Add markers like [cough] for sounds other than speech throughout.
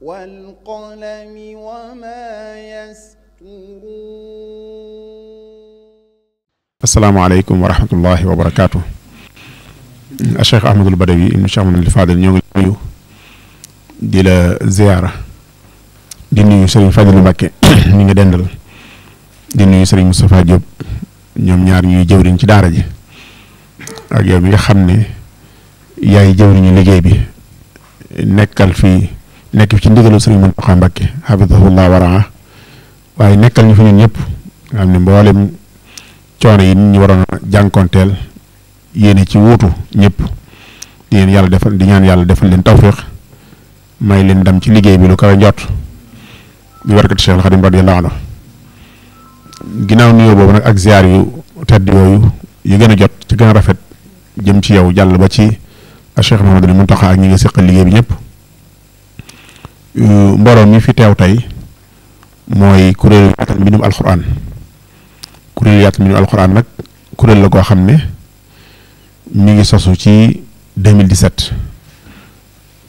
والقلم وما يسطرون السلام عليكم ورحمة الله وبركاته الشيخ أحمد البدوي إن شاء الله الفاضل ñoo ngi nuyu di la ziyaara di nuyu Serigne Fadilou Mbacké [coughs] mi nga dendal di nuyu Serigne Moustapha Diop ñoom ñaar ñuy jëwriñ ci daara ji ak yow mi nga xam ni yaay jëwriñu liggéey bi nekkal fii nekk ci ndigalu Sëriñ Muntaxa Mbàkke xafidahullah waraa waaye nekkal ñu fi ñun ñëpp nga xam ne mboolem coono yi ñu waroon a jànkonteel yéene ci wuutu ñëpp di yàlla defal di ñaan yàlla defal leen tawfiq may leen ndam ci liggéey bi lu kawe njot bi barkat Cheikh al Xadim radiyallahu anhu ginnaaw nuyoo boobu nag ak ziar yu tedd yooyu yu gën jot ci gën a rafet jëm ci yow jàll ba ci Cheikh Mahamadul Muntaxa ak ñu ngi seqal liggéey bi ñëpp Euh, mbooloo mi fi teew tey mooy kuréelu yaatal mbindum alxuraan kuréelu yaatal mbindum alxuraan nag kuréel la koo xam ne mi ngi sosu ci 2017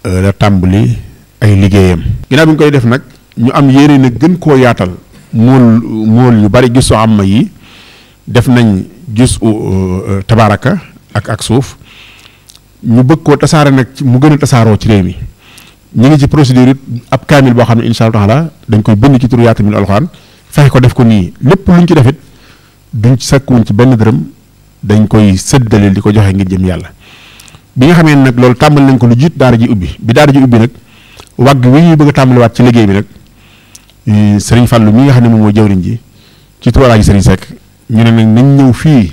euh, la tàmbali ay liggéeyam. ginnaaw bi ñu koy def nag ñu am yéene na gën koo yaatal mool mool yu bari gisu am ma yi def nañ gis euh, tabaraka ak ak suuf ñu bëgg koo tasaare nag mu gën a tasaaroo ci réew mi. ñu ngi ci procédure it ab kaamil boo xam ne incha allah taala dañ koy bind ci turu yaatamil alxuraan fexe ko def ko nii lépp luñ ci def it duñ ci sakkuwuñ ci benn dërëm dañ koy séddale di ko joxe ngir jëm yàlla. bi nga xamee nag loolu tàmbali nañ ko lu jiit daara ji ubbi bi daara ji ubbi nag wagg wi ñuy bëgg a tàmbaliwaat ci liggéey bi nag sëriñ Fallou mi nga xam ne moom mooy jawriñ ji ci turu alaaji sëriñ Seck ñu ne nag nañ ñëw fii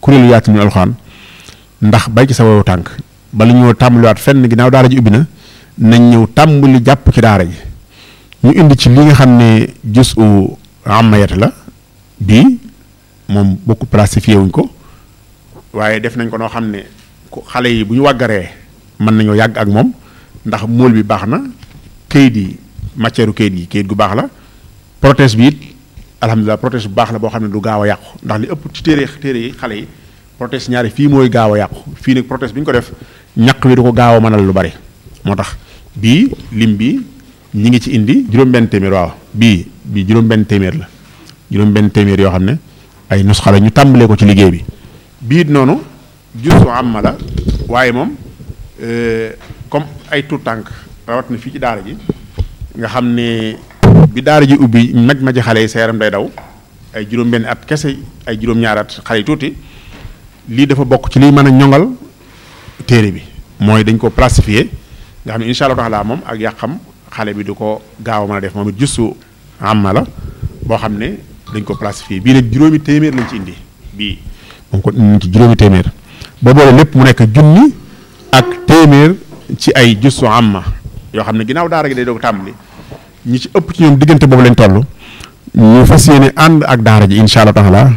kuréelu yaatamil alxuraan ndax bay ci sa wow tànk bala ñoo tàmbaliwaat fenn ginnaaw daara ji ubbi na nañ ñëw tàmbali jàpp ci daara ji ñu indi ci li nga xam ne gis u la bii moom bokk plastifié wuñ ko waaye def nañ ko noo xam ne ku xale yi bu ñu wàggaree mën nañoo yàgg ak moom ndax mool bi baax na kayit yi matière kayit yi kayit gu baax la protège bi it alhamdulilah protège bu baax la boo xam ne du gaaw a yàqu ndax li ëpp ci téere téere yi xale yi protège ñaari fii mooy gaaw a yàqu fii ne protège bi ñu ko def ñaq wi du ko gaaw a mënal lu bari moo tax bii lim bi ñi ngi ci indi juróom-benn téeméer waaw bii bii juróom-benn téeméer la juróom-benn téeméer yoo xam ne ay nusxa la ñu tàmbalee ko ci liggéey bi bii noonu jusu amma la waaye moom euh, comme ay tuut tànk na fii ci daara ji nga xam ne bi daara ji ubbi maj maji xale yi sa yaram day daw ay juróom-benn at kese ay juróom-ñaar xale yi tuuti lii dafa bokk ci liy mën a ñoŋal téere bi mooy dañ ko plastifier nga xam ne incha allah taala moom ak yàqam xale bi du ko gaaw a mën a def moom it justu amma la boo xam ne dañ ko plastifié bii nag juróomi téeméer lañ ci indi bii moom ko juróomi téeméer boo boole lépp mu nekk junni ak téeméer ci ay justu amma yoo xam ne ginnaaw daara gi day tàmbali ñi ci ëpp ci ñoom diggante boobu lañ toll ñu fas yéene ànd ak daara ji incha allah laa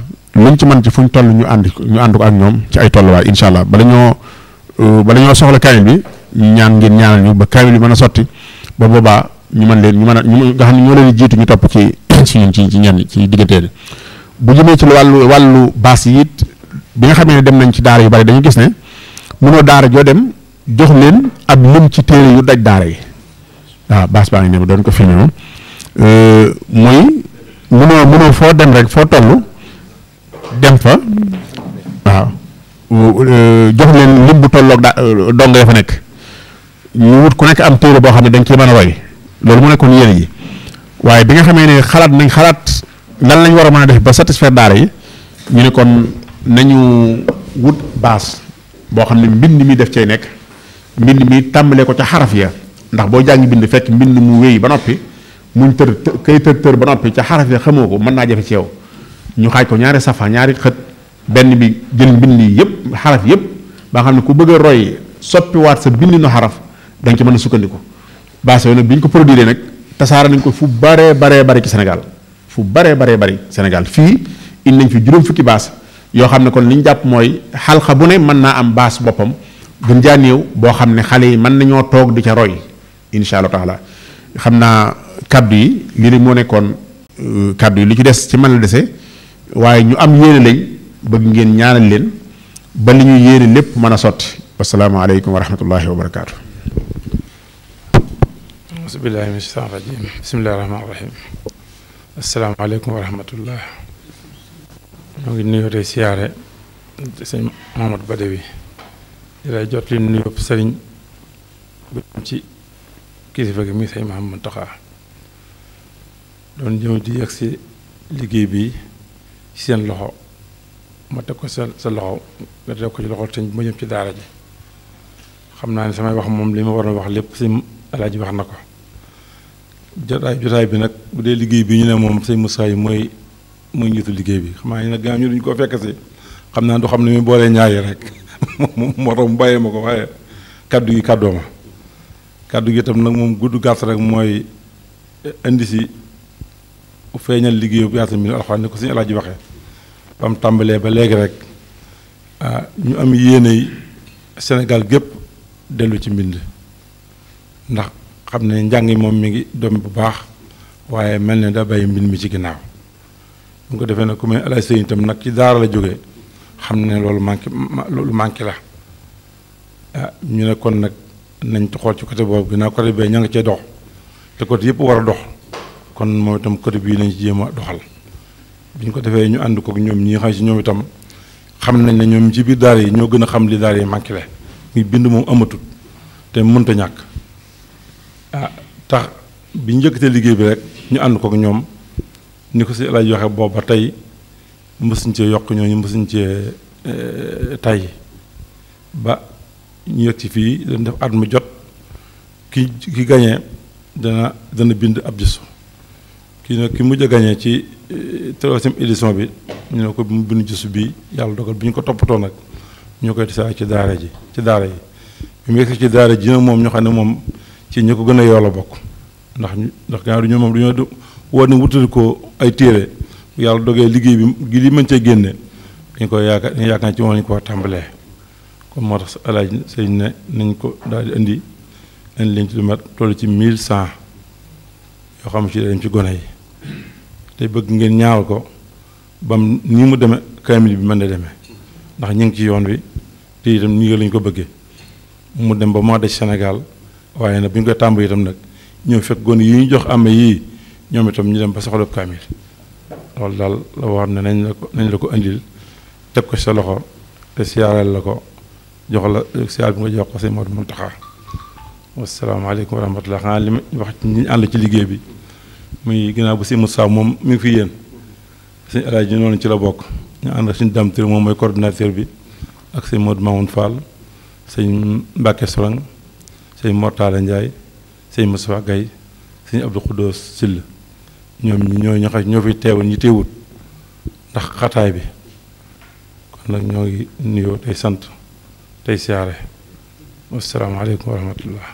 luñ ci mën ci fuñ toll ñu ànd ñu ànd ko ak ñoom ci ay tolluwaay incha allah bala ñoo euh, bala ñoo soxla kaamil bi. ñaan ngeen ñaanal ñu ba kaamil yi mën a sotti ba boobaa ñu mën leen ñu mën a ñu nga xam ne ñoo leen jiitu ñu topp ci [coughs] ci ñun ci ci ñenn ci diggante bu jëmee ci wàllu wàllu baas yi it bi nga xamee ne dem nañ ci daara yu bari dañu gis ne mënoo daara joo dem jox leen ak lim ci téere yu daj daara yi waaw baas baa ngi ne doon ko fi ñëw euh, mooy mënoo mënoo foo dem rek foo toll dem fa waaw euh, jox leen lim bu tolloog daa euh, dong ya fa nekk. ñu wut ku nekk am téere boo xam ne dañ cee mën a roy loolu mu nekkoon yéene ji waaye bi nga xamee ne xalaat nañ xalaat lan lañ war a man a def ba satisfaire daara yi ñu ne kon nañu wut baas boo xam ne mbind mi def cee nekk mbind mi tàmbalee ko ca xaraf ya ndax boo jàngi bind fekk mbind mu wéy ba noppi muñ tër kay tër tër ba noppi ca xaraf ya xamoo ko mën naa jafe ci yow ñu xaaj ko ñaari safa ñaari xët benn bi jël mbind yi yëpp xaraf yëpp ba xam ne ku bëgg roy soppiwaat sa bindinu xaraf da nga ci mën a sukkandiku base yooyu nag bi ñu ko produire nag tasaare nañ ko fu baree baree bari ci Sénégal fu baree baree bari Sénégal fii indi nañ fi juróom fukki base yoo xam ne kon li ñu jàpp mooy xalxa bu ne mën naa am baas boppam gën jaa néew boo xam ne xale yi mën nañoo toog di ca roy incha allah taala xam naa kàddu yi lii rek moo nekkoon euh, kàddu yi li ci des ci mën la dese waaye ñu am yéene lañ bëgg ngeen ñaanal leen ba li ñu yéene lépp mën a sotti wasalaamaaleykum wa rahmatullahi wa barakaatu. auzu billaahi mina sheytaani rajiim bismillaahi rahmaani ngi nuyoo tey siyaare sëñ Mamadou Badawi di lay jot li nuyoo sëriñ bu ci kilifa gi muy sëñ Mouhamadou Taxa doon ñëw di yegg si liggéey bi ci seen loxo ma teg ko sa sa loxo nga teg ko ci loxo sëñ bu ma jëm ci daara ji xam naa ni samay wax moom li ma waroon wax lépp si alaaji wax na ko jotaay jotaay bi nag bu dee liggéey bi ñu ne moom sëñ Moussa yi mooy mooy njiitu liggéey bi xam naa ne nag gannaaw ñu duñ ko fekk si xam naa du xam ne mu boolee ñaar yi rek [laughs] moo tax mu bàyyee ma ko waaye kàddu gi kàddoo ma kàddu gi tam nag moom gudd gàtt rek mooy indi si feeñal liggéeyu bu yaasin bi alxuraan ni ko suñu alaaji waxee ba mu tàmbalee ba léegi rek ñu am yéene senegal gépp dellu ci mbind ndax xam ne njàng moom mi ngi doom bu baax waaye mel ne da bàyyi mbind mi ci ginnaaw bu ko defee nag ko mel Alaaj nag ci daara la jógee xam ne loolu manqué loolu manqué la ah ñu ne kon nag nañ xool ci côté boobu ginnaaw côté bee ña nga cee dox te côté yëpp war a dox kon moom itam côté bii nañ ci jéem a doxal bi ñu ko defee ñu ànd kook ñoom ñi xam si ñoom itam xam nañ ne ñoom ci biir daara yi ñoo gën a xam li daara yi manqué la muy bind moom amatul te mënta ñàkk tax bi njëkk njëkkatee liggéey bi rek ñu ànd kook ñoom ni ko si El Hadj waxee booba tey mësuñ cee yokk ñooñu mësuñ cee eh, tay ba ñu yegg ci fii dañ def at mu jot ki ki gañee dana dana bind ab gisu kii nag ki mujj a gañee ci eh, troisième édition bi ñu ne ko mu bind gisu bi yàlla dogal bi ñu ko toppatoo nag ñu koy tasaare ci daara ji ci daara yi bi mu yegg ci daara ji nag moom ñu xam ne moom ci ñi ko gën a yoo bokk ndax ndax gannaaw du ñu moom du ñoo woo ne wutal ko ay téere yàlla dogee liggéey bi gi li mañ cee génne dañ koy yaakaar dañ yaakaar ci moom ko war tàmbalee kon moo tax alaaj sëñ ne nañ ko daal di indi indi leen ci lu mat toll ci mille cent yoo xam ci dañ ci gone yi te bëgg ngeen ñaaw ko bam ni mu deme demee mille bi mën na demee ndax ñu ngi ci yoon wi te itam nii lañ ko bëggee mu dem ba mois de Sénégal waaye nag bu ñu koy tàmb itam nag ñëw fekk gone yi ñu jox amee yii ñoom itam ñu dem ba soxla kaamil loolu daal la ne nañ la ko nañ la ko indil teg ko sa loxo te siyaaral la ko jox la siyaar bi nga jox ko sëñ Modou Mountakha wasalaamaaleykum wa rahmatulah xanaa li ma wax ñi ànd ci liggéey bi muy ginnaaw bu si Moussa moom mi ngi fi yéen sëñ El Hadj noonu ci la bokk ñu ànd ak suñu damtir moom mooy coordinateur bi ak sëñ Modou Mamoun Fall sëñ Mbacke sëñ Mortala Ndiaye sëñ Moussa Gaye sëñ Abdou Khoudous Sill ñoom ñoo ñoo ñoo fi teewoon ñi teewut ndax xataay bi kon nag ñoo ngi nuyoo tey sant tey siyaare wasalaamaaleykum wa rahmatullah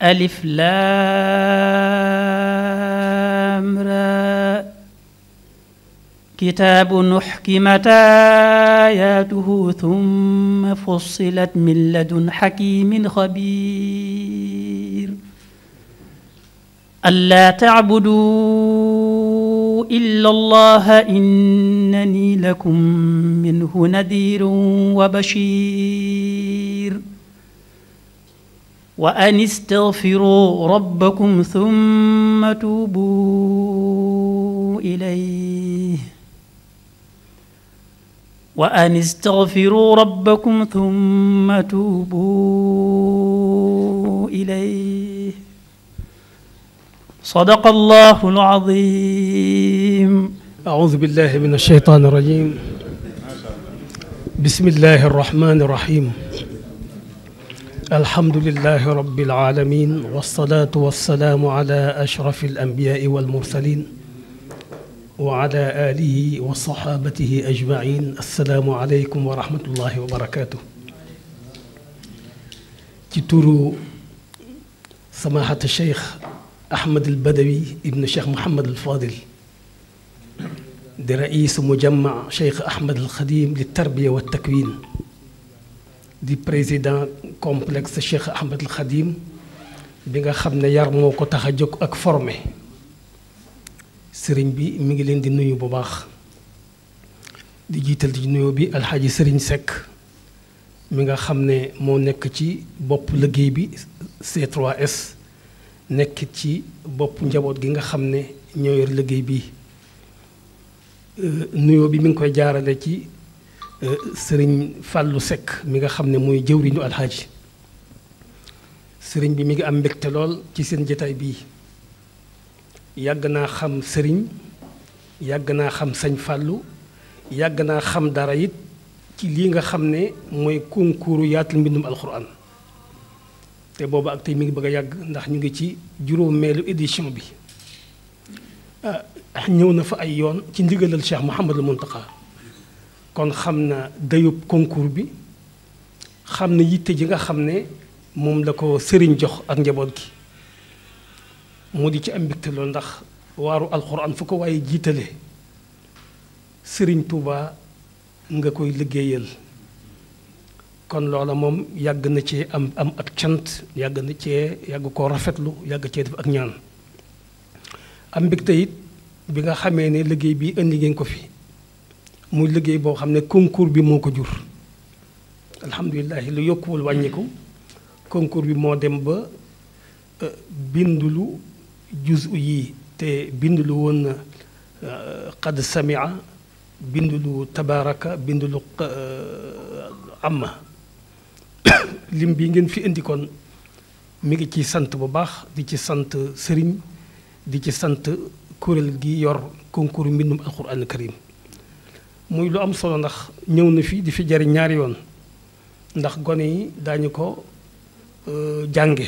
alif laam raa kitaabun uxkimat aayaatuhu summa fussilat min ladun xakiimin xabiir allaa illa allaha innanii lakum minhu nadiirun wa wa an istaghfiru rabbakum thumma tuubu ilayhi wa an istaghfiru rabbakum thumma tuubu ilayhi sadaqa allahu al-azim أعوذ بالله من الشيطان الرجيم بسم الله الرحمن الرحيم alhamdulilah rabil aalamiin wasalaatu wasalaam wa ala ashraf al anbiyaai wal mursaliin wa ala aalihi wa saxaabatihi ajmaïn asalaamu aleykum wa rahmatullahi wa barakaatu. ci turu samaahata cheikh Ahmed El Badawi ibn cheikh Mouhamed El Fadil di ra'iisu mujamma cheikh Ahmed El Xadim li tarbiya wa takwin di président complexe Cheikh Ahmed El Khadim bi nga xam ne yar moo ko tax a jóg ak formé sëriñ bi mu ngi leen di nuyu bu baax di jiital ci nuyu bi alxaaji sëriñ Seck mi nga xam ne moo nekk ci bopp liggéey bi C3S nekk ci bopp njaboot gi nga xam ne ñoo liggéey bi euh, nuyu bi mi ngi koy jaarale ci sëriñ Fallou sekk mi nga xam ne mooy jëwriñu alxaaji sëriñ bi mi ngi am mbégte lool ci seen jataay bii yàgg naa xam sëriñ yàgg naa xam sañ Fallou yàgg naa xam dara it ci lii nga xam ne mooy concours yaatal mbindum alxuraan te booba ak tey mi ngi bëgg a yàgg ndax ñu ngi ci juróomeelu édition bi ah ñëw na fa ay yoon ci ndigalal Cheikh Mouhamadul Mountakha kon xam na dayub concours bi xam ne yitte ji nga xam ne moom la ko sëriñ jox ak njaboot gi mu di ci am mbégte loolu ndax waaru alxuraan fu ko waaye jiitale sëriñ Touba nga koy liggéeyal kon loola moom yàgg na ci am am ak cant yàgg na cee yàgg ko rafetlu yàgg cee def ak ñaan am mbégte it bi nga xamee ne liggéey bi indi ngeen ko fi mu liggéey boo xam ne concours bi moo ko jur alhamdulilah lu yokkuwul wàññiku concours bi moo dem ba euh, bindulu juz yi te bindulu woon na euh, samia bindulu tabaraka bindulu euh, amma [coughs] lim bi ngeen fi indikoon mu ngi ci sant bu baax di ci sant sëriñ di ci sant kuréel gi yor concours mbindum alquran karim muy lu am solo ndax ñëw na fii di fi jariñ ñaari yoon ndax gone yi daañu ko euh, jànge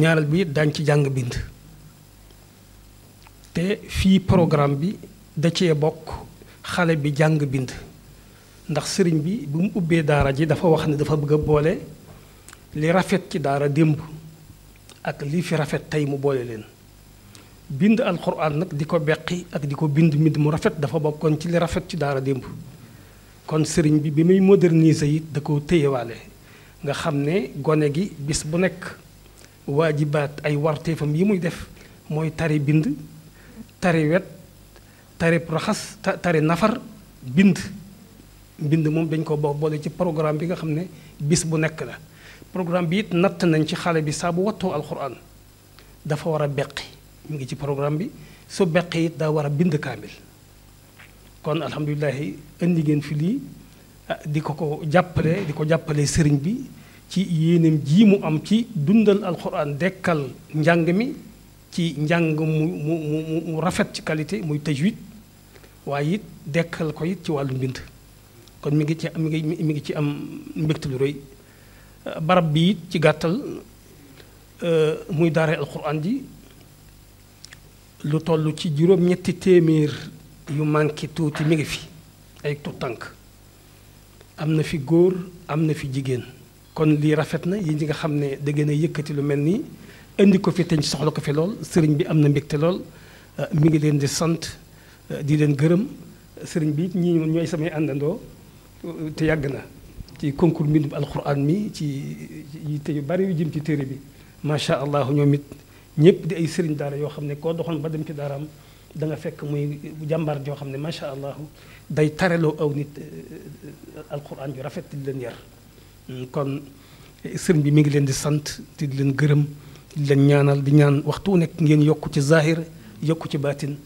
ñaaral bi it daañ ci jàng bind te fii programme bi da cee bokk xale bi jàng bind ndax sëriñ bi bu mu ubbee daara ji dafa wax ne dafa bëgg boole li rafet ci daara démb ak li fi rafet tey mu boole leen bind alxuraan nag di ko beqi ak di ko bind mbind mu rafet dafa kon ci li rafet ci daara démb kon sëriñ bi bi muy moderniser it da ko téyewaale nga xam ne gone gi bis bu nekk waajibaat ay warteefam yi muy def mooy tari bind tari wet tari raxas tari nafar bind mbind moom dañ ko bo boole ci programme bi nga xam ne bis bu nekk la programme bi it natt nañ ci xale bi saabu bu wattoo alxuraan dafa war a beqi mu ngi ci programme bi su beq it daa war a bind kaamil kon alhamdulilahi indi ngeen fi lii ah, di ko ko jàppale di ko jàppale sëriñ bi ci yéeneem ji mu am ci dundal alxuraan dekkal njàng mi ci njàng mu mu mu rafet ci qualité muy tajwid waaye it dekkal ko it ci wàllu mbind kon mi ngi ci mi ngi mi ngi ci am mbégte lu rëy barab bi it ci gàttal euh, muy daaree alxuraan ji lu toll ci juróom-ñetti téeméer yu manqué tuuti mi ngi fi ay tuutànk am na fi góor am na fi jigéen kon lii rafet na yi ñi nga xam ne da gën yëkkati lu mel nii indi ko fi te soxla ko fi lool sëriñ bi am na mbégte lool euh, mi ngi leen di sant euh, di leen gërëm sëriñ bi ñii ñooy samay àndandoo euh, te yàgg na ci concours mbindum alquran mi ci yi te yu bari yu jëm ci téere bi macha allah ñoom it ñëpp di ay sëriñ daara yoo xam ne koo doxoon ba dem ci daaraam da nga fekk muy jàmbaar joo xam ne macha allah day tareloo aw nit euh, alquran ju rafet di leen yar. Mm, kon sëriñ bi mi ngi leen di sant di leen gërëm di leen ñaanal di ñaan waxtu nekk ngeen yokku ci zahir yokk ci baatin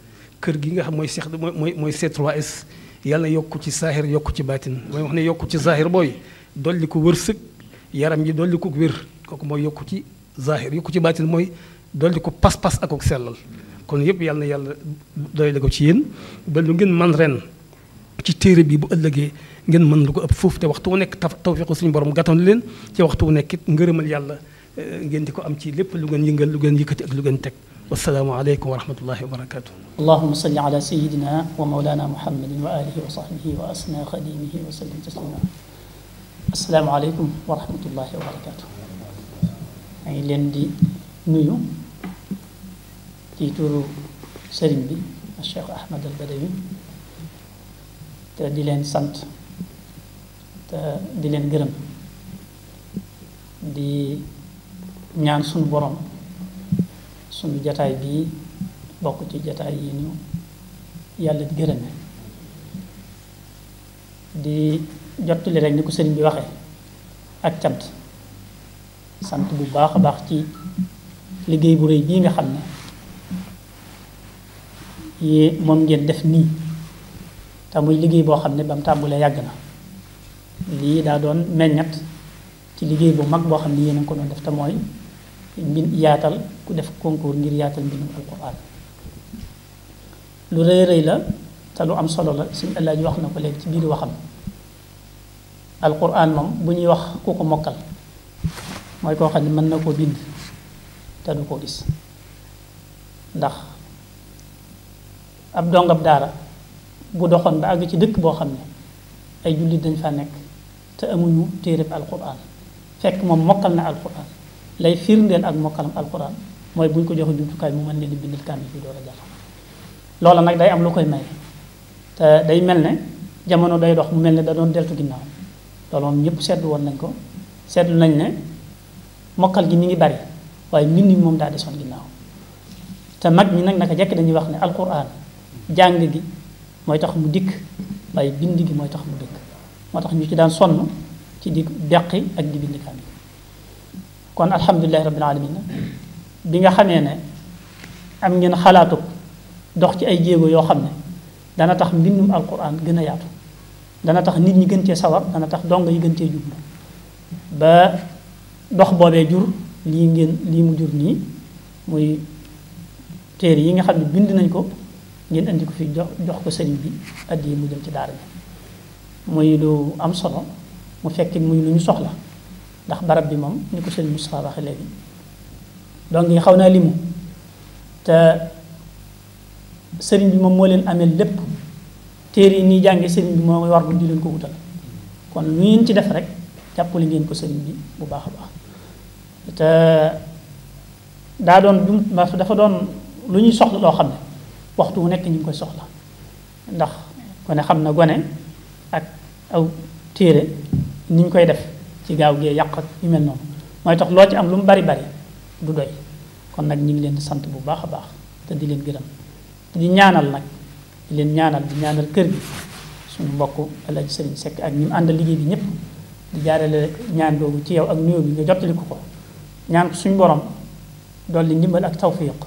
kër gi nga xam mooy seex mooy mooy C3S yàlla yokku ci zahir yokk ci baatin mooy wax ne yokku ci zahir booy dolli ko wërsëg yaram yi dolli ko kooku mooy yokku ci zahir yokku ci baatin mooy. di ko pas-pas ak ak sellal kon yëpp yàlla na yàlla doy la ko ci yéen ba lu ngeen man ren ci téere bi bu ëllëgee ngeen mën lu ko ëpp foofu te waxtu wu nekk tawfeexu suñu borom gàttan leen ci waxtu wu nekk it ngërëmal eh, ngeen di ko am ci lépp lu ngeen yëngal lu ngeen yëkkati ak lu ngeen teg wasalaamu aleykum wa rahmatullahi wa barakatu allahuma salli ala sayidina wa maulana muhammadin wa alihi wa sahbihi wa asna xadimihi wa sallim aleykum wa wa barakatu ci turu sëriñ bi Cheikh Ahmad al Badawi te di leen sant te di leen gërëm di ñaan sunu borom sunu jataay bii bokk ci jataay yi ñu yàlla bi di jottali rek ni ko sëriñ bi waxee ak cant sant bu baax a baax ci liggéey bu rëy bii nga xam ne yi moom ngeen def nii te muy liggéey boo xam ne ba mu tàmbulee yàgg na lii daa doon meññat ci liggéey bu mag boo xam ne yéen ko doon def te mooy mbin yaatal ku def concours ngir yaatal mbindum alquran lu rëy rëy la te lu am solo la suñu El Hadj wax na ko léegi ci biiru waxam alquran moom bu ñuy wax ku ko mokkal mooy koo xam ne mën na koo bind te du ko gis ndax. ab dongab daara bu doxoon ba àgg ci dëkk boo xam ne ay jullit dañ fa nekk te amuñu téere alquran fekk moom mokkal na alquran lay ak mokkalam alquran mooy buñ ko joxe jumtukaay mu mën leen di bindal kaamil bi door a jàll loola nag day am lu koy may te day mel ne jamono day dox mu mel ne da doon deltu ginnaaw loolu moom ñëpp seetlu woon nañ ko seetlu nañ ne mokkal gi mi ngi bari waaye mbind moom daa desoon ginnaaw te mag ñi nag naka jekk dañuy wax ne alquran jàng gi mooy tax mu dikk waaye bind gi mooy tax mu dëkk moo tax ñu ci daan sonn ci di deqi ak di bind kaamil kon alhamdulilahi rabbil alamin bi nga xamee ne am ngeen xalaatu dox ci ay jéego yoo xam ne dana tax mbindum alquran gën a yaatu dana tax nit ñi gën cee sawar dana tax dong yi gën cee jublu ba dox boobee jur lii ngeen lii mu jur nii muy téere yi nga xam ne bind nañ ko ngeen indi ko fi jox jox ko sëriñ bi addiya mu jëm ci daara bi muy du am solo mu fekk muy lu ñu soxla ndax barab bi moom ñu ko sëriñ Moustapha waxe léegi donc yi xaw naa limu te sëriñ bi moom moo leen amee lépp téere yi nii jànge sëriñ bi moo war bu di leen ko wutal kon lu ngeen ci def rek jàppale ngeen ko sëriñ bi bu baax a baax te daa doon dafa doon lu ñuy soxla loo xam ne waxtu wu nekk ñu ngi koy soxla ndax gone xam na gone ak aw téere ni ñu koy def ci gaaw gee yàq ak yu mel noonu mooy tax loo ci am lu mu bari bari du doy kon nag ñu ngi leen di sant bu baax a baax te di leen gërëm te di ñaanal nag di leen ñaanal di ñaanal kër gi suñu mbokk El Hadj sekk ak ñi mu àndal liggéey bi ñëpp di jaarale ñaan googu ci yow ak nuyoo bi nga jottali ko ko ñaan ko suñu borom dolli ndimbal ak fi tawfiq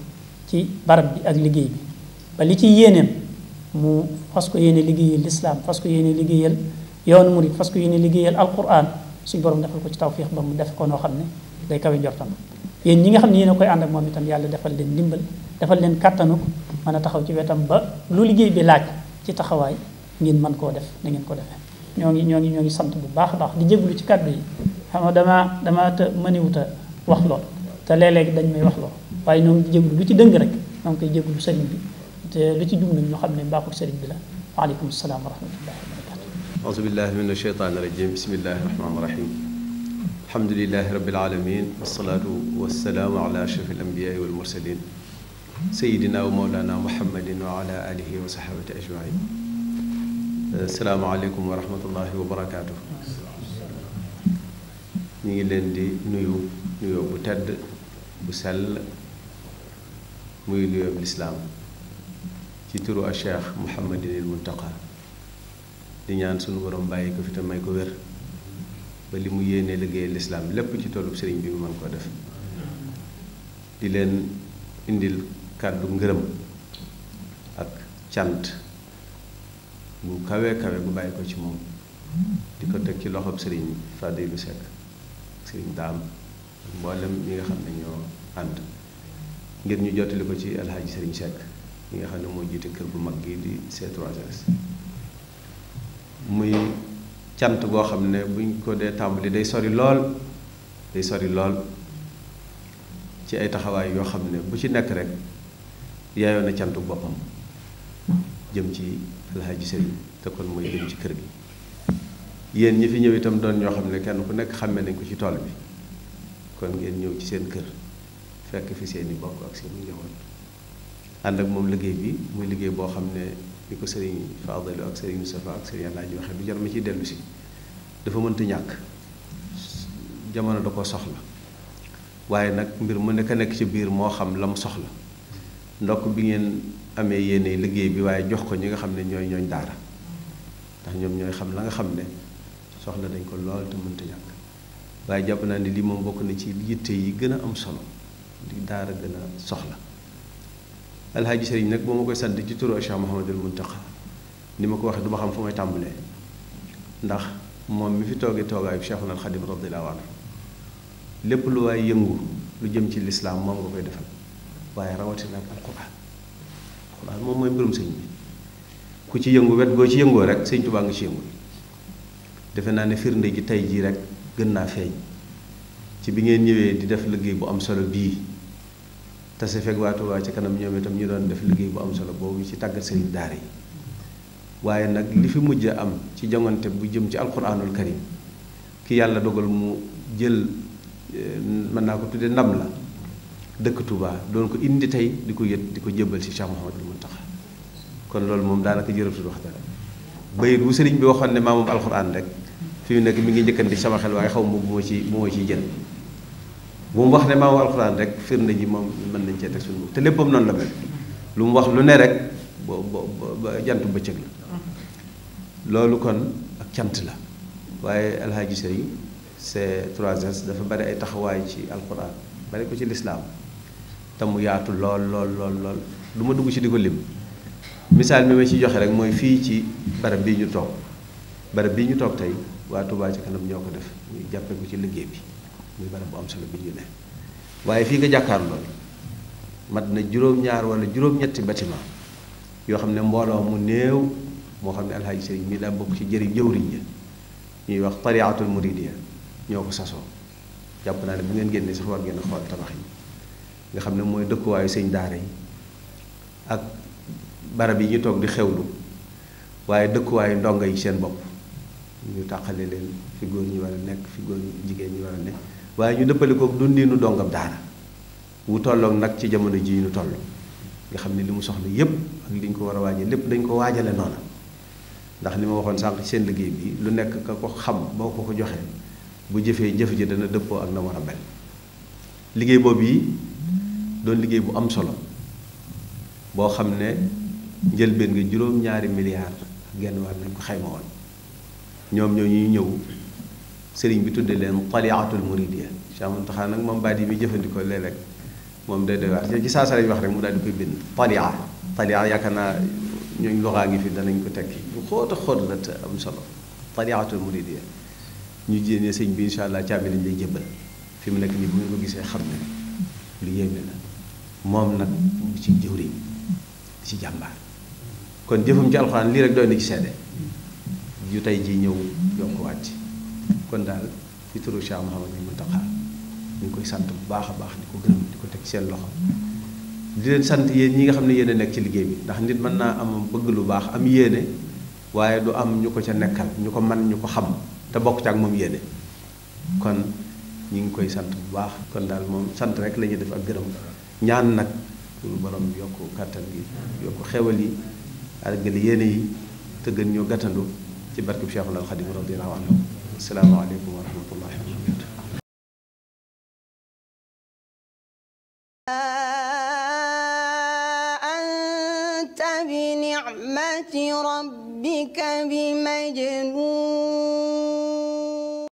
ci barab bi ak liggéey bi. ba li ci yéeneem mu fas ko yéene liggéeyal lislaam fas ko yéene liggéeyal yoonu murid fas ko yéene liggéeyal alquran suñ borom defal ko ci tawfiix ba mu def ko noo xam ne day kawe jortam yéen ñi nga xam ne yéen a koy ànd ak moom itam yàlla defal leen ndimbal defal leen ko man a taxaw ci wetam ba lu liggéey bi laaj ci taxawaay ngeen mën koo def na ngeen ko defee ñoo ngi ñoo ngi ñoo ngi sant bu baax a baax di jéglu ci kàddu yi xam nga damaa damaa te a wax lool te léeg-léeg dañ may wax lool waaye ñoo ngi jéglu lu ci dëng rek ñoo ngi koy jéglu sëriñ bi te la ci jum nag ñoo xam ne mbaaxul sëriñ bi la waaleykum salaam wa rahmatullahi wa barakatu auzu billahi min asheytaani rajim bismillahi rahmaani rahim alhamdulilahi rabbil alamin wasalaatu wasalaamu ala ashraf al anbiyaai wal mursalin sayidina wa mawlana muhammadin wa ala alihi wa sahabati ajmain asalaamaaleykum wa rahmatullahi wa barakaatu ñu ngi leen di nuyu nuyoo bu tedd bu sell muy nuyoo bu lislaam ci turu a cheikh Mouhamadinil di ñaan sunu borom bàyyi ko fi te may ko wér ba li mu yéene liggéey lislaam lépp ci tollu sëriñ bi mu mën koo def di leen indil kàddu ngërëm ak cant bu kawe kawe bu bàyyi ko ci moom di ko teg ci loxob sëriñ Fadilu Seck sëriñ daam mboolem ñi nga xam ne ñoo ànd ngir ñu jottali ko ci alxaaji sëriñ Seck yi nga xam ne moo jiite kër gu mag gi di C3S muy cant goo xam ne buñ ko dee tàmbali day sori lool day sori lool ci ay taxawaay yoo xam ne bu ci nekk rek yaayoo na cantu boppam jëm ci alxaaji seen te kon mooy jëm ci kër gi yéen ñi fi ñëw itam doon ñoo xam ne kenn ku nekk xàmme nañ ko ci tool bi kon ngeen ñëw ci seen kër fekk fi seeni bokk ak seeni njaboot ànd ak moom liggéey bi muy liggéey boo xam ne ni ko sëriñ Fadilu ak sëriñ Moustapha ak sëriñ Alaaji waxe du jar ma ciy dellu si dafa mënta ñàkk jamono da ko soxla waaye nag mbir mu nekk nekk ci biir moo xam la mu soxla ndokk bi ngeen amee yéene liggéey bi waaye jox ko ñi nga xam ne ñooy ñooñ daara ndax ñoom ñooy xam la nga xam ne soxla dañ ko lool te mënta ñàkk waaye jàpp naa ni lii moom bokk na ci yitte yi gën a am solo di daara gën a soxla alxaaji sëriñ nag boo ma koy sant ci turu Cheikh Mouhamadul Muntaqa ni ma ko waxee du xam fu may tàmbalee ndax moom mi fi toogee toogaayu Cheikhul Xadim radiyallahu anhu lépp lu waay yëngu lu jëm ci lislaam moom nga koy defal waaye rawatina ak alxuraan alxuraan moom mooy mbirum sëñ bi ku ci yëngu wet goo ci yëngoo rek sëñ Tuubaa nga ci yëngu defe naa ne firnde ji tey jii rek gën naa feeñ ci bi ngeen ñëwee di def liggéey bu am solo bii. tase fekk waa Touba ci kanam ñoom itam ñu doon def liggéey bu am solo boobu ci tàggat sëriñ daara yi waaye nag li fi mujj am ci jongante bu jëm ci alquranul karim ki yàlla dogal mu jël eh, mën naa ko tuddee ndam la dëkk Touba doon ko indi tey di ko yët di ko jëbbal ci Cheikh Mouhamadul tax kon loolu moom daanaka jërëtul wax dara bayit bu sëriñ bi waxoon ne maa moom alquran rek fi mu nekk mi ngi njëkkandi sama xel waaye xaw ma bu ma ci bu ma bu mu wax ne maamu alxuraan rek firnde ji moom mën nañ cee teg suñu bopp te léppam noonu la mel lu mu wax lu ne rek bo ba jant bëccëg la loolu kon ak cant la waaye alxaaji sëriñ c 3 dafa bari ay taxawaay ci alxuraan bari ko ci lislaam te mu yaatu lool lool lool lool du ma dugg ci di ko lim misaal mi ma ci joxe rek mooy fii ci barab bii ñu toog barab bii ñu toog tey waa Touba ca kanam ñoo ko def ñu jàppee ko ci liggéey bi muy barab bu am solo bi ñu ne waaye fii nga jàkkaar lool mat na juróom-ñaar wala juróom-ñetti bâtiment yoo xam ne mbooloo mu néew moo xam ne alxaaji sëriñ mii daa bokk ci jëri jëwriñ ya ñuy wax tariqatul muridiya ñoo ko sasoo jàpp naa ne bu ngeen génnee sax war ngeen xool tabax yi nga xam ne mooy dëkkuwaayu sëñ daara yi ak barab yi ñu toog di xewlu waaye dëkkuwaayu ndongo yi seen bopp ñu tàqale leen fi góor ñi war a nekk fi góor jigéen ñi war a waaye ñu dëppale ko dundinu dongam daara wu tolloog nag ci jamono jii ñu toll nga xam ne li mu soxla yépp ak li ñu ko war a waajal lépp dañ ko waajale noona ndax li ma waxoon sànq seen liggéey bi lu nekk ka ko xam boo ko ko joxee bu jëfee jëf ji dana dëppoo ak na war a mel liggéey boobu yi doon liggéey bu am solo boo xam ne njëlbeen nga juróom-ñaari milliards genn wàll nañ ko xayma woon ñoom ñoo ñuy ñëw sëriñ bi tuddee leen taliatul muridiya Cheikh Mountakha nag moom baat yi muy jëfandikoo léeg-léeg moom day doy waar ci saa sa lañ wax rek mu daal di koy bind talia talia yaakaar naa ñooñ loxaa ngi fi danañ ko tekki lu xóot a xóot la te ñu jéene sëñ bi incha allah caabi fi mu nekk nii ñu ko gisee xam ne lu yéeme la moom nag mu ci jëwriñ ci jàmbaar kon jëfam ci alxuraan lii rek doy na ci seede ju tey ji ñëw yokkuwaat ci kon daal ci turu Cheikh Mouhamadou Mountakha ñu ngi koy sant bu baax a baax di ko gërëm di ko teg seen loxo di leen sant yéen ñi nga xam ne yéen nekk ci liggéey bi ndax nit mën naa am bëgg lu baax am yéene waaye du am ñu ko ca nekkal ñu ko man ñu ko xam te bokk ci ak moom yéene kon ñu ngi koy sant bu baax kon daal moom sant rek lañuy def ak gërëm ñaan nag pour borom yokk kàttan gi yokk xewal yi àggali yéene yi te gën ñoo gàttandu ci barkeb Cheikhul Khadim radiyallahu asalaamaaleykum wa rahmatullahi wa barakatu anta bi ni'mati rabbika bi majnun